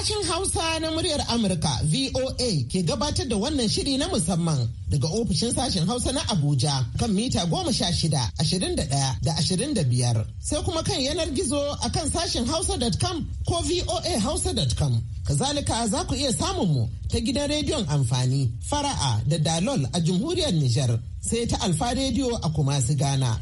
Sashen Hausa na muryar Amurka VOA ke gabatar da wannan shiri na musamman daga ofishin sashen Hausa na Abuja kan mita goma sha shida, ashirin da ɗaya da ashirin da biyar. Sai kuma kan yanar gizo a kan sashen Hausa.com ko voa Hausa.com Kazalika za ku iya samun mu ta gidan rediyon amfani fara'a da dalol a jumhuriyar Nijar sai ta Alfa rediyo a Kumasi Ghana.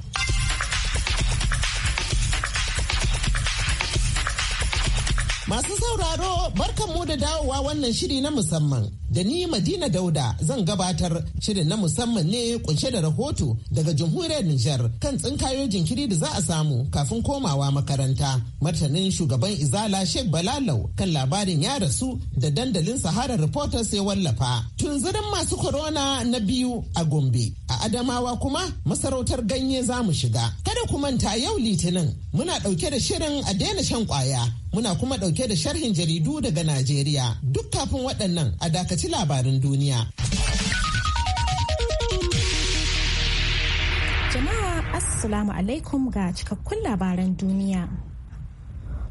Masu sauraro barkanmu da dawowa wannan shiri na musamman. Da ni Madina Dauda zan gabatar shirin na musamman ne kunshe da rahoto daga jamhuriyar Nijar kan tsinkayo jinkiri da za a samu kafin komawa makaranta. Martanin shugaban Izala Sheikh Balalau kan labarin ya rasu da dandalin Sahara Reporters ya wallafa. Tunzirin masu corona na biyu a Gombe. A Adamawa kuma masarautar ganye za mu shiga. Kada ku manta yau Litinin muna dauke da shirin a daina shan kwaya muna kuma ɗauke da sharhin jaridu daga Najeriya. Duk kafin waɗannan a dakaci labarin duniya. Jama'a Assalamu alaikum ga cikakkun labaran duniya.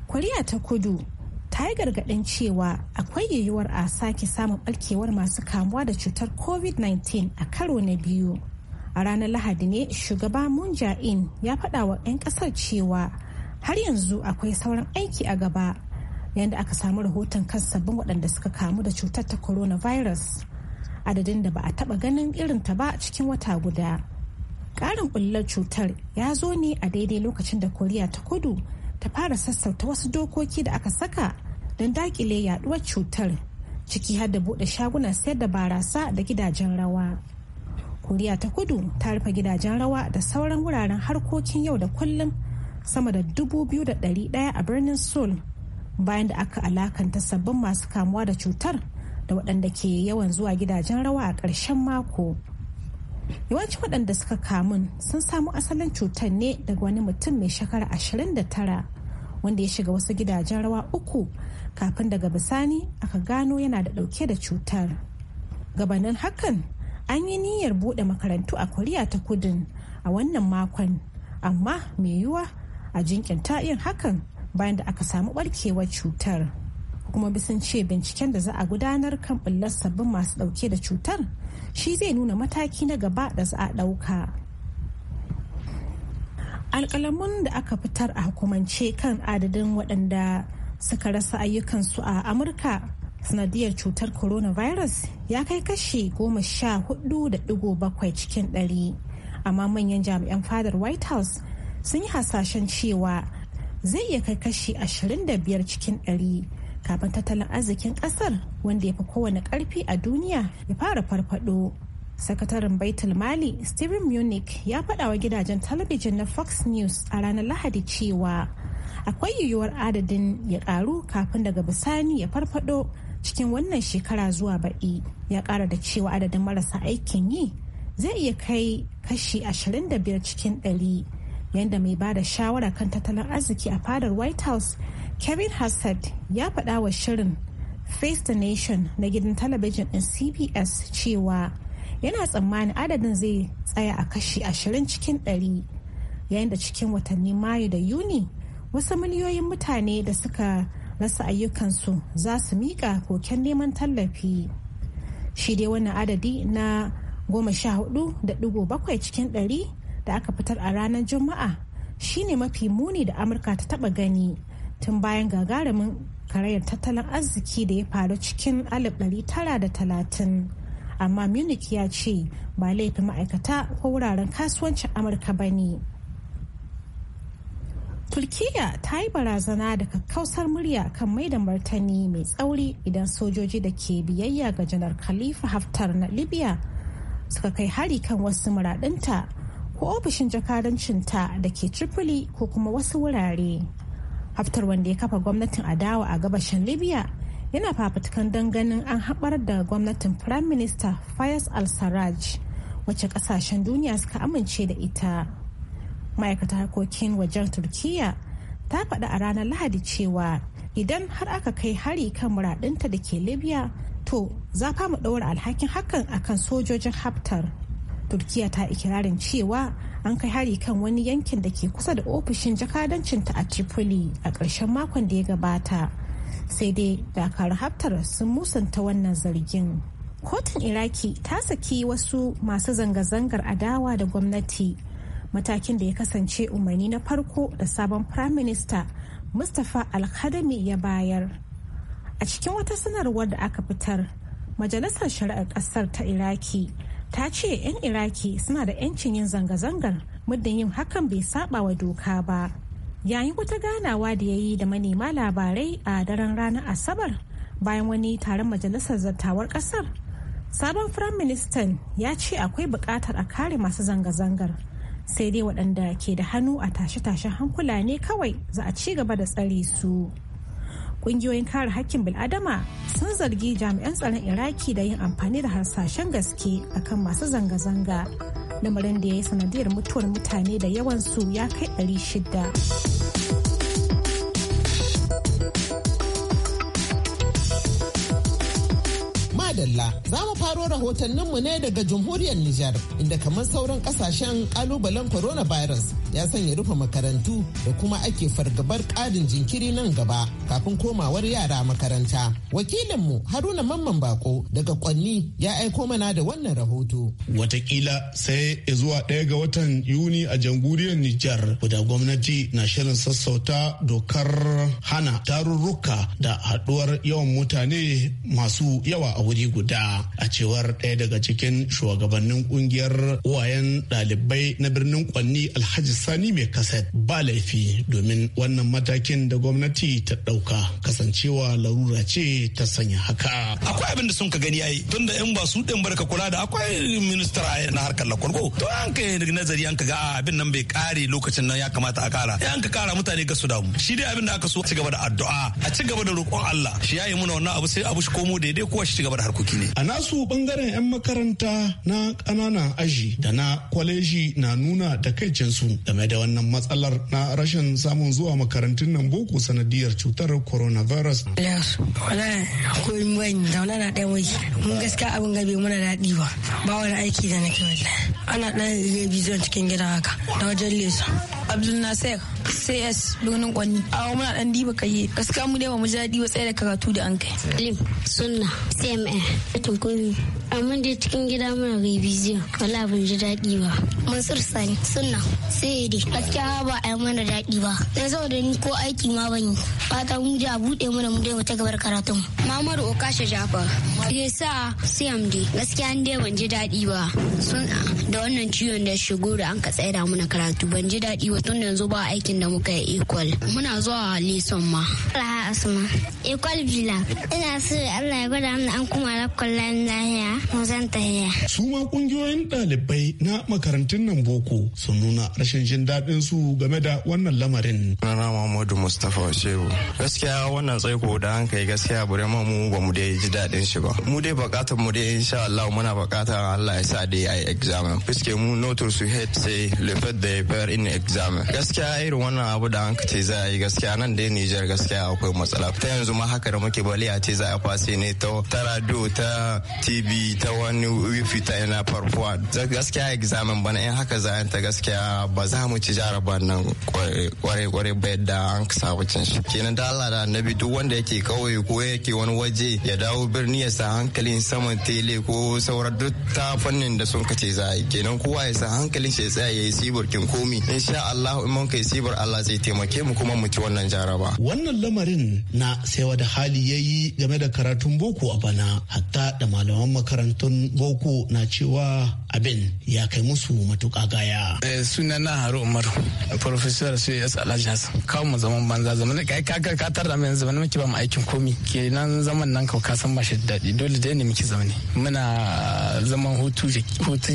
Koriya ta kudu ta yi gargaɗin cewa akwai yiwuwar a sake samun ɓarkewar masu kamuwa da cutar covid-19 a karo na biyu a ranar lahadi ne shugaba munjain ya faɗa wa 'yan ƙasar cewa har yanzu akwai sauran aiki a gaba yadda aka samu rahoton kan sabbin waɗanda suka kamu da cutar ta coronavirus adadin da ba a taɓa ganin irin ta ba cikin wata guda ƙarin ɓullar cutar ya zo ne a daidai lokacin da koriya ta kudu ta fara sassauta wasu dokoki da aka saka don daƙile yaɗuwar cutar ciki har da buɗe shaguna sayar da barasa da gidajen rawa koriya ta kudu ta rufe gidajen rawa da sauran wuraren harkokin yau da kullum sama da dubu biyu da 2,100 a birnin Seoul bayan da aka alakanta sabbin masu kamuwa da cutar da waɗanda ke yawan zuwa gidajen rawa a ƙarshen mako. Yawancin waɗanda suka kamun sun samu asalin cutar ne daga wani mutum mai shekara ashirin da tara wanda ya shiga wasu gidajen rawa uku kafin daga bisani aka gano yana da ɗauke da cutar. Gabanin hakan an yi niyyar buɗe makarantu a Koriya ta kudin a wannan makon amma mai yiwuwa a ta yin hakan bayan da aka samu barkewar cutar kuma sun ce binciken da za a gudanar kan bullar sabbin masu dauke da cutar shi zai nuna mataki na gaba da za a dauka alkalamun da aka fitar a hukumance kan adadin waɗanda suka rasa ayyukansu a amurka sanadiyar cutar coronavirus ya kai kashi goma sha hudu da digo bakwai cikin ɗari amma manyan jami'an fadar white house sun yi hasashen cewa zai iya kai kashi 25 cikin 100 kafin tattalin arzikin kasar wanda ya fi kowane karfi a duniya ya fara farfado sakataren baitul mali steven munich ya faɗa wa gidajen talabijin na fox news a ranar lahadi cewa akwai yiwuwar adadin ya ƙaru kafin daga bisani ya farfado cikin wannan shekara zuwa baɗi ya ƙara da cewa adadin marasa aikin yi zai iya kai kashi 25 cikin ɗari. yadda mai bada da shawara kan tattalin arziki a fadar white house kevin hassad ya faɗa wa shirin face the nation na gidan talabijin ɗin cbs cewa yana tsammanin adadin zai tsaya a kashi ashirin cikin ɗari yayin da cikin watanni mayu da yuni wasu miliyoyin mutane da suka rasa ayyukansu za su miƙa koken neman tallafi shi dai wannan adadi na goma sha hudu da bakwai cikin ɗari da aka fitar a ranar juma'a shine mafi muni da amurka ta taba gani tun bayan gagarumin karayar tattalin arziki da ya faru cikin 1930 amma munich ya ce ba laifin ma'aikata ko wuraren kasuwancin amurka ba ne turkiya ta yi barazana da kakkausar murya kan mai da martani mai tsauri idan sojoji da ke biyayya ga janar khalifa haftar na libya suka kai hari kan wasu muradinta ko ofishin ta da ke Tripoli ko kuma wasu wurare. Haftar wanda ya kafa gwamnatin adawa a gabashin Libya yana fafutukan don ganin an haɓar da gwamnatin Prime Minister Fayez al-Sarraj wacce ƙasashen duniya suka amince da ita. ma'aikata harkokin wajen Turkiyya ta faɗi a ranar Lahadi cewa idan har aka kai hari kan muradinta da ke Libya to za mu ɗaura alhakin hakan akan sojojin Haftar. turkiya ta ikirarin cewa an kai hari kan wani yankin da ke kusa da ofishin jakadancinta a tripoli a ƙarshen makon da ya gabata sai dai dakar haftar sun musanta wannan zargin kotun iraki ta saki wasu masu zanga-zangar adawa da gwamnati matakin da ya kasance umarni na farko da sabon prime minister mustapha alkadami ya bayar a cikin wata sanarwar da aka fitar majalisar shari'ar kasar ta iraki ta ce 'yan iraki suna da 'yancin yin zanga-zangar muddin yin hakan bai saba wa doka ba yayin wata ganawa da ya yi da manema labarai a daren ranar asabar bayan wani taron majalisar zattawar kasar sabon firaministan ya ce akwai buƙatar a kare masu zanga-zangar sai dai waɗanda ke da hannu a tashe-tashen hankula ne kawai za a ci gaba da tsare su. kungiyoyin kare hakkin bil'adama sun zargi jami'an tsaron iraki da yin amfani da harsashen gaske akan masu zanga-zanga lamarin da ya yi sanadiyar mutuwar mutane da yawansu ya kai 600 dalla za mu faro rahotanninmu ne daga jamhuriyar Nijar inda kamar sauran kasashen kalubalen coronavirus ya sanya rufe makarantu da kuma ake fargabar ƙarin jinkiri nan gaba kafin komawar yara makaranta. Wakilinmu Haruna Mamman Bako daga Kwanni ya aiko mana da wannan rahoto. Watakila sai zuwa ɗaya ga watan Yuni a jamhuriyar Nijar da gwamnati na shirin sassauta dokar hana tarurruka da haɗuwar yawan mutane masu yawa a wuri guda a cewar ɗaya daga cikin shugabannin kungiyar wayan ɗalibai na birnin kwanni alhaji sani mai kaset ba laifi domin wannan matakin da gwamnati ta ɗauka kasancewa larura ce ta sanya haka akwai abin da sun ka gani yayi tun yan ba su ɗin barka kula da akwai minista na harkar lakwalgo to an yi nazari an ka ga ah, abin nan bai kare lokacin nan ya kamata a kara an ka kara mutane ga su mu. shi dai abin da aka so a ci gaba da addu'a a ci gaba da roƙon Allah shi yayi muna wannan abu sai abu shi komo daidai kuwa shi ci gaba da harkar harkoki ne a nasu bangaren 'yan makaranta na ƙananan aji da na kwaleji na nuna da kai takaicinsu game da wannan matsalar na rashin samun zuwa makarantun nan boko sanadiyar cutar coronavirus mun gaskiya abin gabe muna daɗi ba ba wani aiki da nake wallahi ana ɗan zuwa cikin gida haka da wajen lesa abdul nasir cs birnin kwanni a muna ɗan diba kaye gaskiya mu dai ba mu ji daɗi ba tsaye da karatu da an kai lim sunna cmn da tankuni amin da cikin gida mana revision wala ban ji daɗi ba mansur sani suna sai dai gaskiya ba a yi mana daɗi ba na saboda ni ko aiki ma ban yi fata mu a buɗe mana mu dai wata gabar karatu. mamaru okasha jafa ya sa siyam dai gaskiya an dai ban ji daɗi ba suna da wannan ciwon da shigo da an ka tsaida mana karatu ban ji daɗi ba tun yanzu ba aikin da muka yi equal muna zuwa lesson ma asma equal villa ina so Allah ya gwada mana an kuma lakwallan lahiya mu zan tahiya. Su ma kungiyoyin ɗalibai na makarantun nan boko sun nuna rashin jin daɗin su game da wannan lamarin. Rana Muhammadu Mustapha Shehu. Gaskiya wannan tsaiko da an kai gaskiya bure mu ba mu dai ji daɗin shi ba. Mu dai buƙatar mu dai insha Allah muna buƙatar Allah ya sa dai ai examen. Fiske mu notur su head sai lefet da faire in exam. Gaskiya irin wannan abu da an ce za a yi gaskiya nan dai Nijar gaskiya akwai matsala. Ta yanzu ma haka da muke bali a ce za a kwase ne ta radio ta TV ta wani fita yana farfuwa gaskiya examen bana in haka za ta gaskiya ba za mu ci jaraban nan kware-kware ba yadda an samu cin shi kenan da Allah da annabi duk wanda yake kawai ko yake wani waje ya dawo birni ya sa hankalin saman tele ko sauran duk ta fannin da sun kace za yi kenan kowa ya sa hankalin shi ya tsaya ya yi kin komi insha Allah in mun kai sibar Allah zai taimake mu kuma mu ci wannan jaraba wannan lamarin na sai da hali ya yi game da karatun boko a bana hatta da malaman makarantar makarantun boko na cewa abin ya kai musu matuƙa gaya. Eh, suna na haru umaru professor cs alhaji hassan kawo mu zaman banza zaman kai kakar ka tarda mai zaman muke ba mu aikin komi ke nan zaman nan kau kasan ba shi daɗi dole dai ne muke zaune muna zaman hutun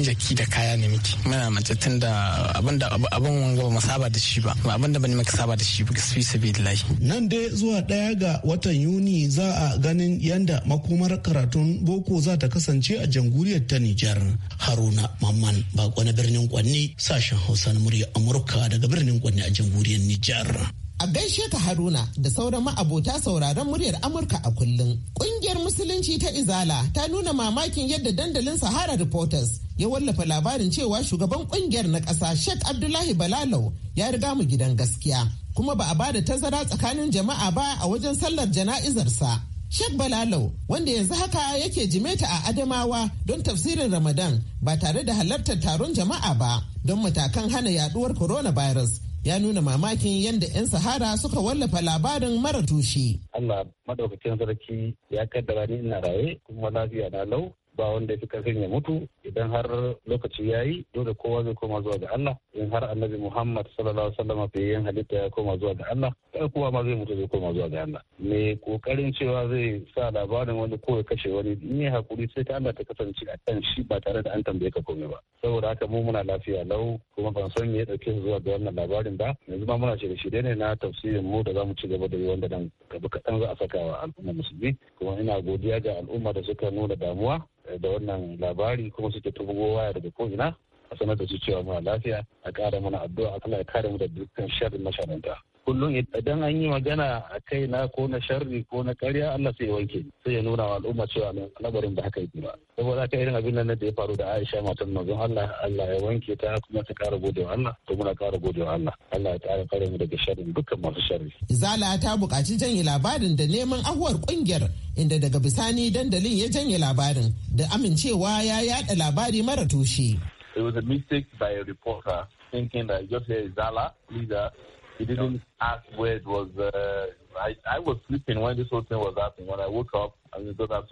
jaki da kaya ne muke muna mace tun da abin da abin wanga ba mu saba da shi ba abin da ba ne muka saba da shi ba su fi nan dai zuwa ɗaya ga watan yuni za a ganin yanda makomar karatun boko za ta kasance kasance a jamhuriyar ta Nijar. Haruna Mamman bako na birnin Kwanni sashen Hausa na murya Amurka daga birnin Kwanni a jamhuriyar Nijar. A gaishe ka Haruna da sauran ma'abota sauraron muryar Amurka a kullum. Kungiyar Musulunci ta Izala ta nuna mamakin yadda dandalin Sahara Reporters ya wallafa labarin cewa shugaban kungiyar na ƙasa Sheikh Abdullahi Balalau ya riga mu gidan gaskiya. Kuma ba a ba da tazara tsakanin jama'a ba a wajen sallar jana'izarsa. Sheikh Balalau wanda yanzu haka yake jimeta a Adamawa don tafsirin Ramadan ba tare da halartar taron jama'a ba don matakan hana yaduwar coronavirus ya nuna mamakin yadda 'yan sahara suka wallafa labarin mara tushe. Allah madaukakin sarki ya kaddara ni ina raye kuma lafiya na lau ba wanda fi karfin ya mutu idan har lokaci ya yi dole kowa zai koma zuwa ga Allah in har annabi Muhammad sallallahu alaihi wasallam bai yin halitta ya koma zuwa ga Allah kowa ma zai mutu zai koma zuwa ga Allah me kokarin cewa zai sa labarin wani ko ya kashe wani ni hakuri sai ta Allah ta kasance a kan shi ba tare da an tambaye ka komai ba saboda haka mu muna lafiya lau kuma ban san me ya dauke su zuwa ga wannan labarin ba yanzu ma muna shirye shirye ne na tafsirin mu da zamu ci gaba da yi wanda nan gaba kaɗan za a saka wa al'umma musulmi kuma ina godiya ga al'umma da suka nuna damuwa eh, da wannan labari kuma suke tubugo waya daga ko ina a sanar da su cewa muna lafiya a ƙara mana addu'a Allah ya kare mu da dukkan sharrin masharanta. kullum idan an yi magana a kai na ko na sharri ko na karya Allah sai ya wanke sai ya nuna wa al'umma cewa labarin da haka yi ba saboda haka irin abin nan da ya faru da Aisha matan manzon Allah Allah ya wanke ta kuma ta kara godewa Allah to muna kara godewa Allah Allah ya kara kare mu daga sharrin dukkan masu sharri Zala ta buƙaci janye labarin da neman ahuwar kungiyar inda daga bisani dandalin ya janye labarin da amincewa ya yada labari mara tushe It was a mistake by a reporter thinking that just here is Zala, leader, He didn't ask where it was. Uh, I, I was sleeping when this whole thing was happening. When I woke up, Shugaban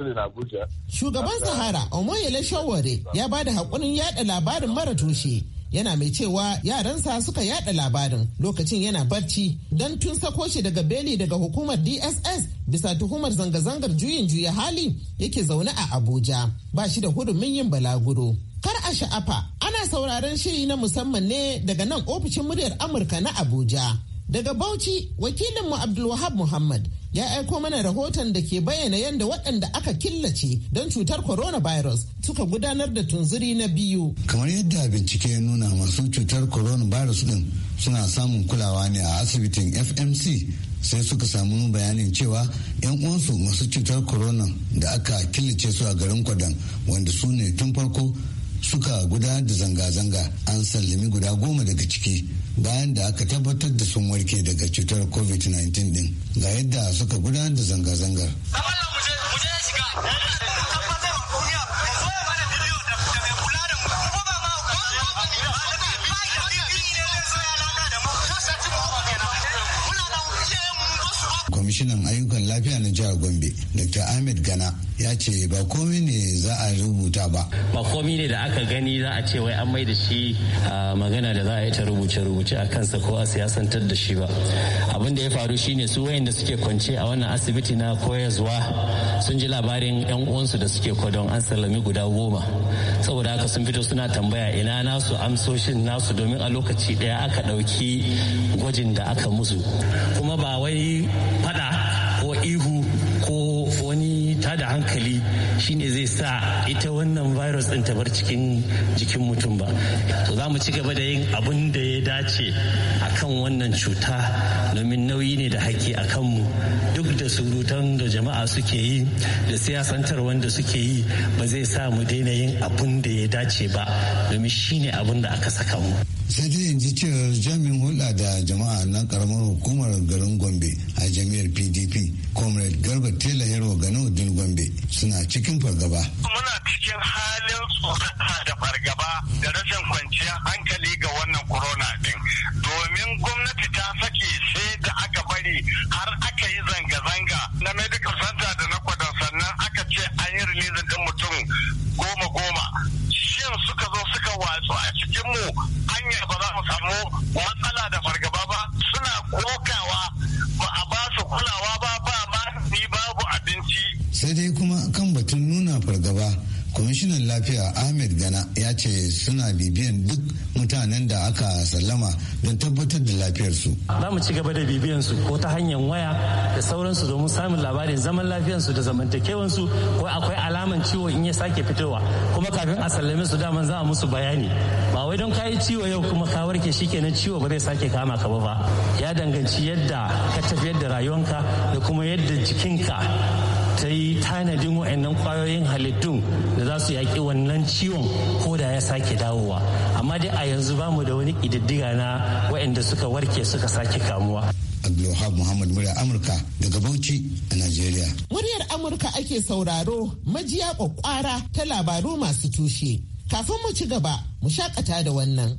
Sahara, Omoyele Shaware, ya ba da haƙurin yaɗa labarin mara tushe. Yana mai cewa yaransa suka yaɗa labarin lokacin yana barci don tun sako shi daga beli daga hukumar DSS bisa tuhumar zanga-zangar juyin juya hali yake zaune a Abuja ba shi da hudumin yin balaguro. Kar a sha'afa ana sauraron shiri na musamman ne daga nan ofishin muryar Amurka na Abuja. Daga Bauchi wakilinmu Abdulwahab Muhammad ya aiko mana rahoton da ke bayyana yadda waɗanda aka killace don cutar coronavirus suka gudanar da tunzuri na biyu. Kamar yadda bincike ya nuna masu cutar coronavirus din suna samun kulawa ne a asibitin FMC sai suka samu bayanin cewa 'yan uwansu masu cutar corona da aka killace su a garin kwadan wanda su ne tun farko suka gudanar da zanga-zanga an sallami guda goma daga ciki bayan da aka tabbatar da sun warke daga cutar covid-19 din ga yadda suka gudanar da zanga-zangar. kwamishinan ayyukan lafiya na jihar gombe dr ahmed gana ya ce ba komi ne za a rubuta ba ba komi ne da aka gani za a ce wai an mai da shi magana da za a yi ta rubuce rubuce a kansa ko a siyasantar da shi ba abin da ya faru shine su wayanda suke kwance a wannan asibiti na koyarwa sun ji labarin yan uwansu da suke kwadon an sallami guda goma saboda haka sun fito suna tambaya ina nasu amsoshin nasu domin a lokaci daya aka ɗauki gwajin da aka musu kuma ba wai ihu ko wani tada hankali shine zai sa ita wannan virus ɗin ta bar cikin jikin mutum ba to za mu ci gaba da yin abun da ya dace akan wannan cuta domin nauyi ne da haƙƙi a kanmu duk da surutan da jama'a suke yi da siyasantar wanda suke yi ba zai sa mu daina yin abun da ya dace ba domin shine abin da aka saka mu. sai dai cewar jami'in hulɗa da jama'a na karamar hukumar garin gombe a jami'ar pdp comrade garba tela yarwa din gombe suna cikin fargaba muna cikin halin tsoron da fargaba da rashin kwanciyar hankali ga wannan corona din domin gwamnati ta sake sai da aka bari har aka yi zanga-zanga na medical center da na gaba da bibiyan su ko ta hanyar waya da sauransu domin samun labarin zaman lafiyansu da zamantakewansu ko akwai alaman ciwo in ya sake fitowa kuma kafin a sallame su daman za a musu bayani ba wai don kayi ciwo yau kuma ka warke shikenan ciwo ba zai sake kama ka ba ba ya danganci yadda ka tafiyar da rayuwanka da kuma yadda jikinka ta yi tanadin wa'annan kwayoyin halittun da za su yaƙi wannan ciwon ko da ya sake dawowa amma dai a yanzu ba mu da wani ƙididdiga na waɗanda suka warke suka sake kamuwa Abdulwahab Muhammad muryar Amurka daga Bauchi a Najeriya. Muryar Amurka ake sauraro majiya kwakwara ta labaru masu tushe. Kafin mu ci gaba, mu shaƙata da wannan.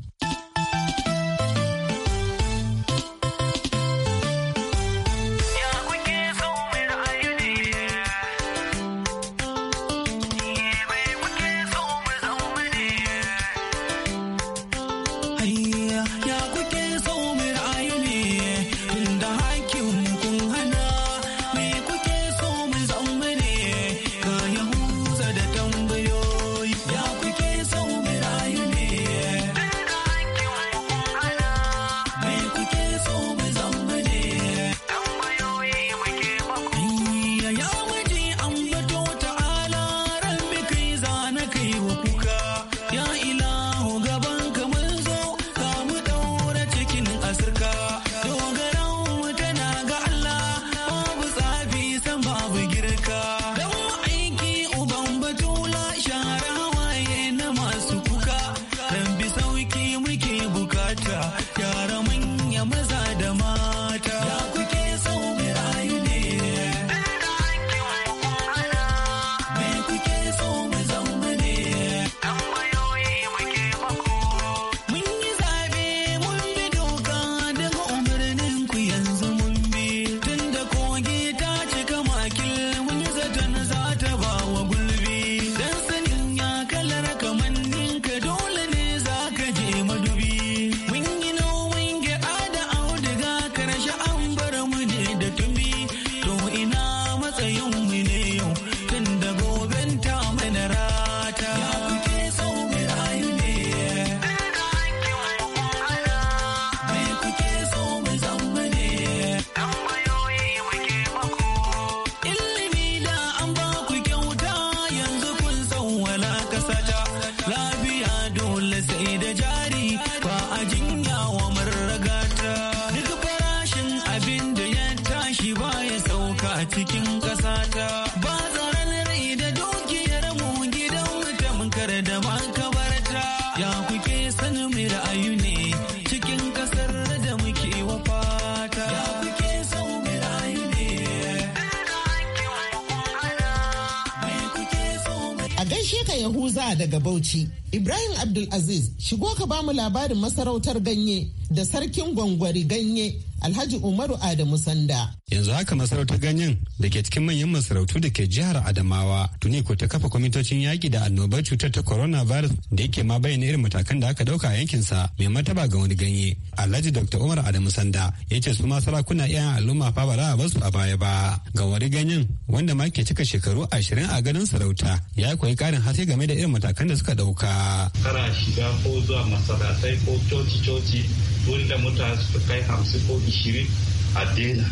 Bauchi. Ibrahim Abdulaziz shigo ka bamu labarin masarautar ganye da sarkin gwangwari ganye Alhaji Umaru Adamu Sanda. yanzu haka masarautar ganyen da ke cikin manyan masarautu da ke jihar adamawa tuni ko ta kafa kwamitocin yaki da annobar cutar ta coronavirus da yake ma bayyana irin matakan da aka dauka a yankin sa mai mataba ga wani ganye alhaji dr umar adamu sanda ya ce su ma sarakuna iya al'umma fa ba za a a baya ba ga wani ganyen wanda ma ke cika shekaru ashirin a ganin sarauta ya koyi karin haske game da irin matakan da suka dauka. Kara shiga ko zuwa masalatai ko coci-coci wurin da mutane su kai hamsin ko ishirin a daina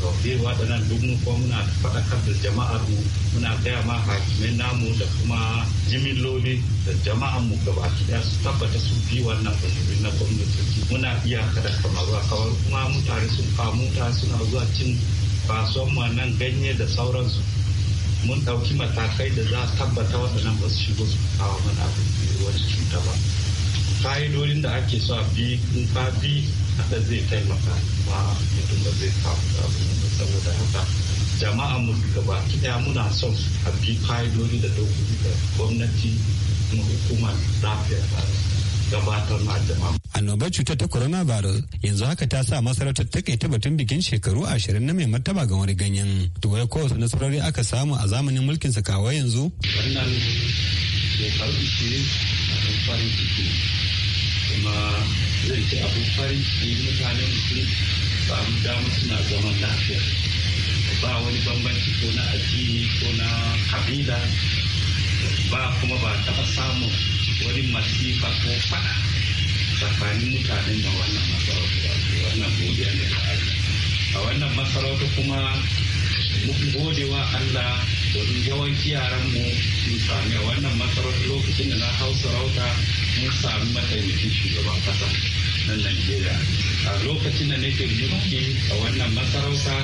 to irin waɗannan duk mu kuma muna faɗakar da jama'ar mu muna gaya ma hakimai namu da kuma jimilloli da jama'ar mu gaba ɗaya su tabbata su bi wannan kwanyoyi na gwamnati muna iya kada kamar kawar kuma mutane sun kamu mutane suna zuwa cin kasuwan mu nan ganye da sauransu mun ɗauki matakai da za a tabbata waɗannan ba su shigo su kawo mana wani cuta ba fa'idodin da ake so a bi in ka bi da zai taimaka ma mutum da zai samu abin saboda haka jama'a mu gaba kiɗa muna son a bi fa'idodi da dokoki da gwamnati na hukumar lafiya gabatar ma jama'a. Annobar cutar ta coronavirus yanzu haka ta sa masarautar ta kai batun bikin shekaru ashirin na mai martaba ga wani ganyen. Tuwai kowace nasarori aka samu a zamanin mulkin sa kawai yanzu. Wannan shekaru ishirin a farin ciki kuma zai ce abin farin ciki mutanen musulmi samu dama suna zaman lafiya ba wani bambanci ko na addini ko na kabila ba kuma ba taɓa samun wani masifa ko faɗa tsakanin mutanen da wannan masarauta wannan godiya ne a wannan masarauta kuma mun godewa Allah domin yawanci mu sun sami a wannan masarar lokacin da na hau sarauta mun sami mataimakin shugaban kasa na najeriya a lokacin da nake mulki a wannan masarauta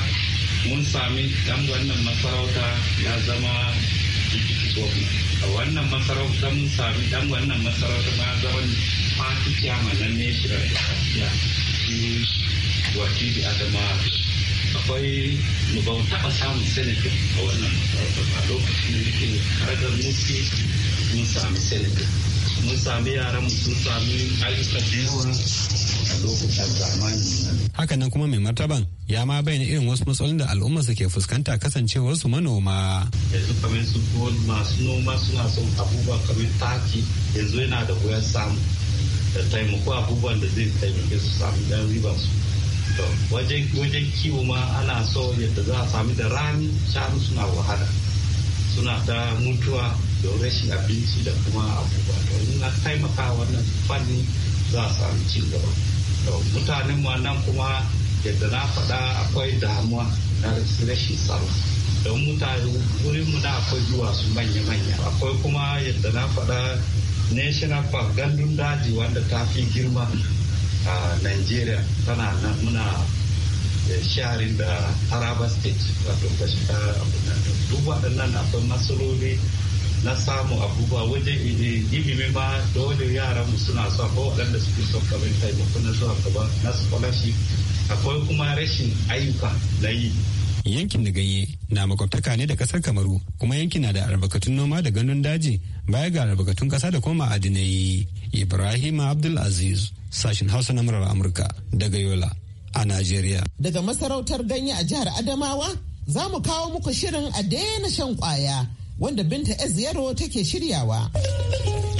mun sami dan wannan masarauta ya zama a wannan masarauta mun sami dan wannan masarauta ma zama fati chairman na national gaskiya shi wakili adama akwai mu ba taɓa samun senator a wannan masarautar a lokacin da yake harkar mutu mun sami senator mun sami yaran sun sami ayyuka da yawa a lokacin zamani haka nan kuma mai martaban ya ma bayyana irin wasu matsalolin da al'umma su ke fuskanta kasancewar su manoma yanzu kamar su masu noma suna son abubuwa kamar taki yanzu yana da wuyar samu da taimako abubuwan da zai taimake su samu dan riba su wajen kiwo ma ana so yadda za a sami da rani shanu suna wahala suna ta mutuwa da rashin abinci da kuma abubuwa to na taimaka wannan fanni za a sami cin gaba to mutanen mu nan kuma yadda na faɗa akwai damuwa na rashin tsaro don mutane wurin mu na akwai duwatsu manya-manya akwai kuma yadda na faɗa national park gandun daji wanda ta fi girma a nigeria tana nan muna eh, sharing da taraba state wato duk waɗannan akwai matsaloli na samu abubuwa wajen ilimi ba dole yaran mu suna so ko waɗanda suke son kamar taimako na zuwa gaba na scholarship akwai kuma rashin ayyuka na yi yankin da ganye na makwabtaka ne da kasar kamaru kuma yankin na da albarkatun noma da gandun daji baya ga albarkatun kasa da kuma ma'adinai Ibrahim Abdulaziz sashen Hausa na murar Amurka daga Yola a Najeriya. Daga masarautar ganye a jihar Adamawa za mu kawo muku shirin a daina shan kwaya wanda Binta Eziyaro take shiryawa.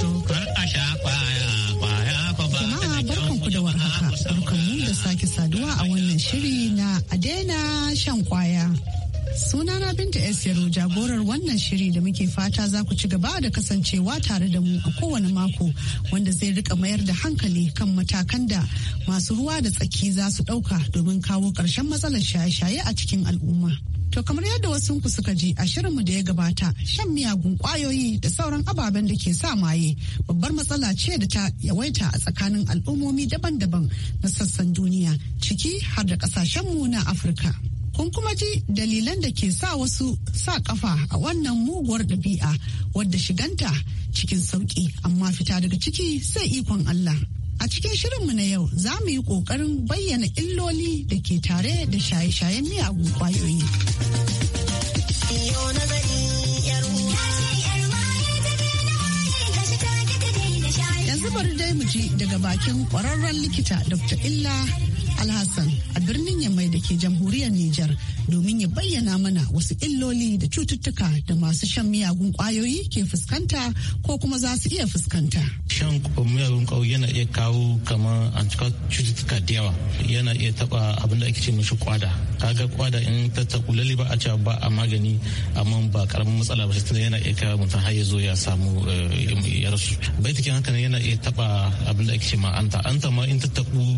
Tukar a sha kwaya, kwaya barkanku da warhaka, barkanmu da sake saduwa a wannan shiri na a daina shan kwaya. Sunana Binta 'ya jagorar wannan shiri da muke fata za ku ci gaba da kasancewa tare da mu a kowane mako wanda zai rika mayar da hankali kan matakan da masu ruwa da tsaki za su ɗauka domin kawo ƙarshen matsalar shaye-shaye a cikin al'umma. To kamar yadda wasu ku suka ji a shirinmu da ya gabata shan miyagun kwayoyi da sauran ababen da ke sa maye babbar matsala ce da ta yawaita a tsakanin al'ummomi daban-daban na sassan duniya ciki har da kasashenmu na Afirka. Kun kuma ji dalilan da ke sa wasu sa kafa a wannan muguwar ɗabi'a wadda shiganta cikin sauƙi amma fita daga ciki sai ikon Allah. A cikin shirinmu na yau za mu yi ƙoƙarin bayyana illoli da ke tare da shaye-shayen miyagun ƙwayoyi. bari dai mu ji daga bakin kwararren likita Dr. Illa Alhassan a birnin ke jamhuriyar Nijar domin ya bayyana mana wasu illoli da cututtuka da masu shan miyagun kwayoyi ke fuskanta ko kuma za su iya fuskanta. shan miyagun ƙauye yana iya kawo kamar cututtuka da yawa yana iya taba abin da ake ce mishi kwada kaga kwada in ta taku ba a cewa ba a magani amma ba karamin matsala ba tunda yana iya kawo mutum har ya zo ya samu eh, ya rasu bai take haka yana iya taba abin da ake ce ma anta anta ma in ta taku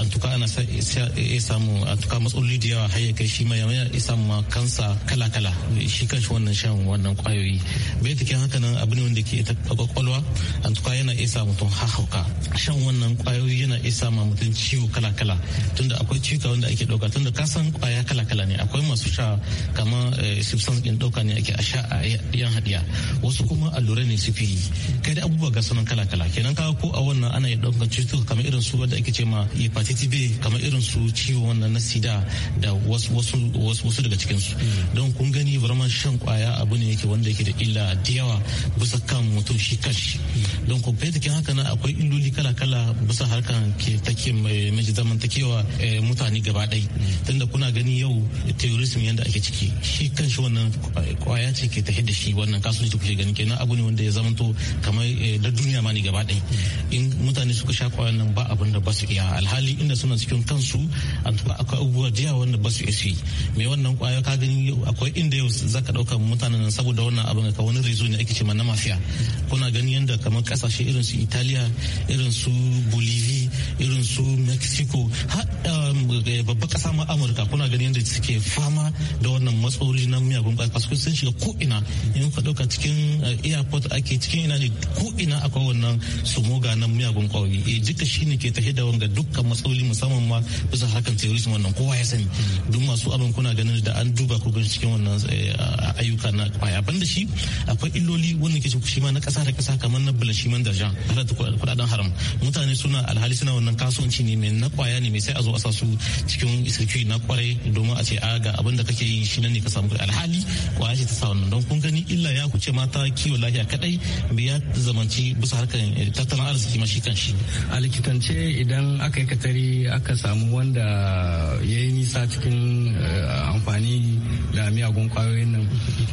antuka ana iya samu antuka matsaloli da yawa har ya kai shi ma yana iya samu ma kansa kala kala shi kanshi wannan shan wannan kwayoyi bai take haka nan abin wanda ke ta kwakwalwa antuka yana iya isa mutum hahauka shan wannan kwayoyi yana isa ma mutum ciwo kala-kala tunda akwai ciwuka wanda ake dauka tunda kasan kwaya kala-kala ne akwai masu sha kama eh, substance din dauka ne ake a sha a yan haɗiya wasu kuma allura ne su fi kai da abubuwa ga sunan kala-kala kenan ka ko a wannan ana iya daukan cututtuka kamar irin su wanda ake ce ma hepatitis B kamar irin su ciwo wannan na sida da wasu wasu daga cikin su don kun gani barman shan kwaya abu ne yake wanda yake da illa da yawa bisa kan mutum shi kashi don ku kai jikin haka nan akwai illoli kala-kala bisa harkan ke take mai zamantakewa eh, mutane gaba ɗai tunda kuna gani yau terrorism yadda ake ciki shi kan shi wannan kwaya ce ke tafi da shi wannan kasuwanci kuke gani kenan abu ne wanda ya zamanto kamar da eh, duniya ma ne gaba ɗai in mutane suka sha kwayan nan ba abin da ba su iya alhali inda suna cikin kansu an akwai abubuwa da yawa wanda ba su iya mai wannan kwaya ka gani akwai inda yau zaka ɗaukar mutanen saboda wannan abin ka wani rezo ne ake ce na mafiya kuna gani yadda kamar kasashe irin su italiya irin su bolivia irin su mexico um, babba kasa ma amurka kuna ganin yadda suke fama da wannan matsori na miyagun kwasu sun shiga ko'ina in ka dauka cikin uh, airport ake cikin ina ne ko'ina akwai wannan sumoga na miyagun kwayoyi e eh, shi ne ke tafi da wanga dukkan matsaloli musamman ma bisa harkar terrorism wannan kowa ya sani duk masu abin kuna ganin da an duba ko cikin wannan eh, ayyuka na kwaya banda shi akwai illoli wannan ke shi ma na kasa da kasa kamar na bulashiman da wajen halarta kudaden haram mutane suna alhali suna wannan kasuwanci ne mai na kwaya ne mai sai a zo a sa su cikin iskaki na kwarai domin a ce a ga abin da kake yi shi ne ka samu alhali kwaya ce ta sa wannan don kun gani illa ya kuce mata kiwon lafiya kadai ya zamanci bisa harkar eh, tattalin arziki ma shi kan shi a likitance idan aka yi katari aka samu wanda ya yi nisa cikin eh, amfani da miyagun kwayoyin nan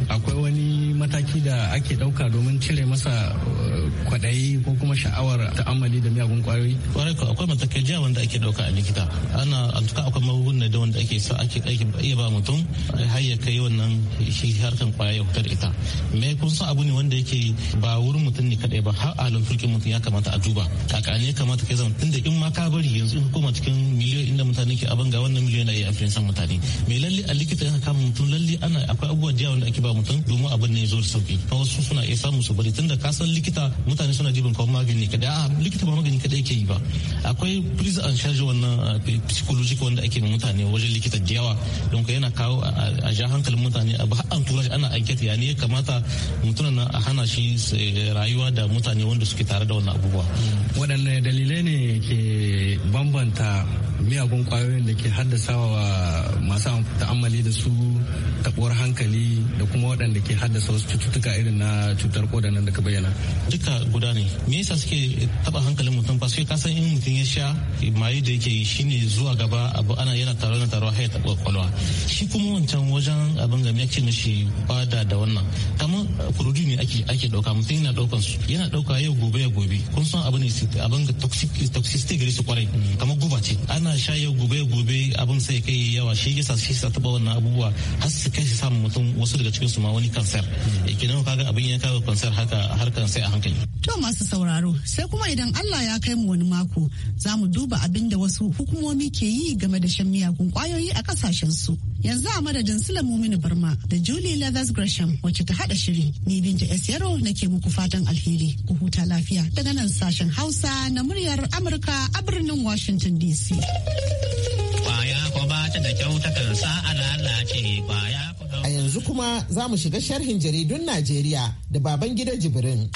akwai wani mataki da ake dauka domin cire masa eh, kwaɗayi ko kuma sha'awar ta'amali da miyagun kwayoyi kwarai ko akwai matakai jiya wanda ake dauka a likita ana antuka akwai magunguna da wanda ake sa ake iya ba mutum eh, har ya kai wannan shi harkan kwaya ya fitar ita me kun san abu ne wanda yake ba wurin mutum ne kadai ba har a turkin mutum ya kamata a duba ya kamata kai zama tunda in ma ka bari yanzu in koma cikin miliyoyi inda mutane ke abin ga wannan miliyoyi na iya san mutane me lalle a likita yana kama mutum lalle ana akwai abubuwa jiya wanda ake ba mutum domin abin ne ya zo da sauki wasu suna iya samun su bari tunda ka san likita mutane suna jibin rumfan magani kadai a likita ba magani kadai yake yi ba akwai prise en charge wannan eh, psychologic wanda ake mutane wajen likita da yawa don yana kawo a ja hankalin mutane a an tura ana aiket ya ne ya kamata mutum na a hana shi eh, rayuwa da mutane wanda suke tare da wannan abubuwa mm. waɗanne dalilai ne ke bambanta miyagun kwayoyin da ke haddasa wa masu ta'amali da su taɓuwar hankali da kuma waɗanda ke haddasa wasu cututtuka irin na cutar kodanan da ka bayyana duka guda ne me yasa suke taba hankalin mutum ba sai ka san in mutum ya sha maye da yake yi shine zuwa gaba abu ana yana taro na taro haita kwakwalwa shi kuma wancan wajen abin ga ce mishi bada da wannan kamar eh, kurudi ne ake ake dauka mutum yana daukan su yana dauka yau gobe ya gobe kun san abu ne abin ga toxicity gare su kwarai mm. kamar guba ce ana sha yau gobe ya gobe abin sai kai yawa shi yasa shi sa taba wannan abubuwa har su kai su samu mutum wasu daga cikin su ma wani kansar mm. eh, kenan kaga abin ya kawo kansar haka harkan sai a hankali to masu sauraro sai kuma idan Allah ya kai mu wani mako za mu duba abin da wasu hukumomi ke yi game da shan miyagun kwayoyi a kasashen su. Yanzu a madadin mini Barma da Julie Leathers Gresham wacce ta hada shiri ni Binta S Yaro nake muku fatan alheri ku huta lafiya daga nan sashen Hausa na muryar Amurka a birnin Washington DC. a A yanzu kuma za mu shiga sharhin jaridun Najeriya da baban gida Jibrin.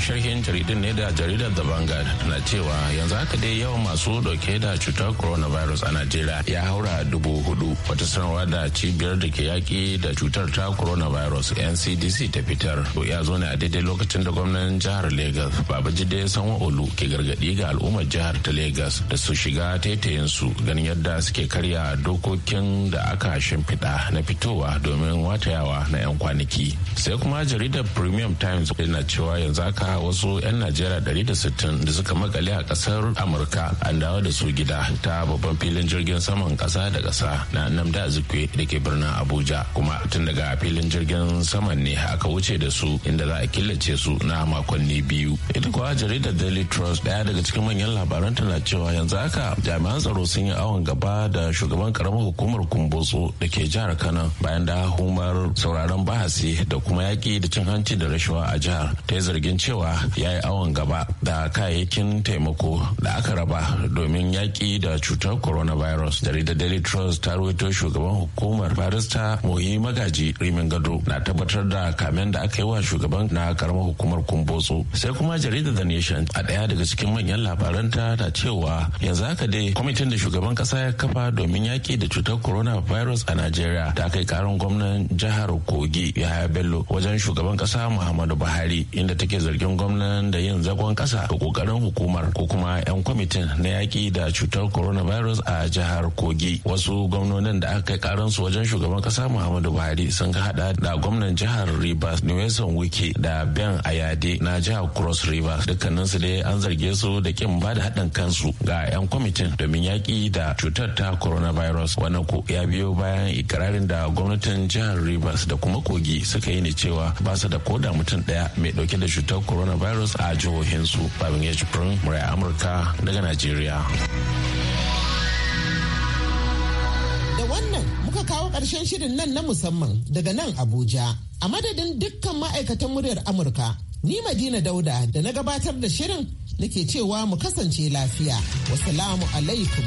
sharhin jaridin ne da jaridar da Vanguard na cewa yanzu haka dai yawan masu dauke da cutar coronavirus a Najeriya ya haura dubu hudu wata sanarwa da cibiyar da ke yaki da cutar ta coronavirus NCDC ta fitar ya zo ne a daidai lokacin da gwamnan jihar Lagos Babajide Sanwo-Olu ke gargadi ga al'ummar jihar ta Lagos da su shiga taitayinsu su ganin yadda suke karya dokokin da aka shimfiɗa na fitowa domin watayawa na 'yan kwanaki sai kuma jaridar premium times na cewa yanzu haka a wasu 'yan najeriya 160 da sittin da suka makale a kasar amurka an dawo da su gida ta babban filin jirgin saman kasa da kasa na namda azikwe da ke birnin abuja kuma tun daga filin jirgin saman ne aka wuce da su inda za a killace su na makonni biyu ita kuwa jaridar daily trust daya daga cikin manyan labaran tana cewa yanzu haka jami'an tsaro sun yi awon gaba da shugaban karamar hukumar kumbotso da ke jihar kano bayan da humar sauraron bahasi da kuma yaki da cin hanci da rashawa a jihar ta yi zargin cewa cewa ya yi awon gaba da kayayyakin taimako da aka raba domin yaƙi da cutar coronavirus jaridar daily trust ta ruwaito shugaban hukumar barista mohi magaji rimin gado na tabbatar da kamen da aka yi wa shugaban na karamar hukumar kumbotso sai kuma jaridar the nation a daya daga cikin manyan labaranta ta cewa yanzu haka dai kwamitin da shugaban kasa ya kafa domin yaƙi da cutar coronavirus a najeriya ta kai karin gwamnan jihar kogi yahaya bello wajen shugaban kasa muhammadu buhari inda take zargin zargin gwamnan da yin zagon kasa ga kokarin hukumar ko kuma 'yan kwamitin na yaƙi da cutar coronavirus a jihar kogi wasu gwamnonin da aka kai su wajen shugaban kasa muhammadu buhari sun hada da gwamnan jihar rivers nelson wiki da ben ayade na jihar cross rivers dukkanin su dai an zarge su da kin ba da haɗin kansu ga 'yan kwamitin domin yaƙi da cutar ta coronavirus wannan ko ya biyo bayan ikirarin da gwamnatin jihar rivers da kuma kogi suka yi ne cewa ba su da koda mutum ɗaya mai ɗauke da cutar coronavirus a jihohinsu babin ya jibrin murai amurka daga najeriya da wannan muka kawo ƙarshen shirin nan na musamman daga nan abuja a madadin dukkan ma'aikatan muryar amurka ni madina dauda da na gabatar da shirin nake cewa mu kasance lafiya wasalamu alaikum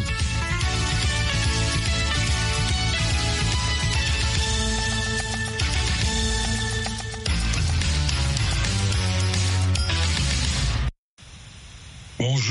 Bonjour.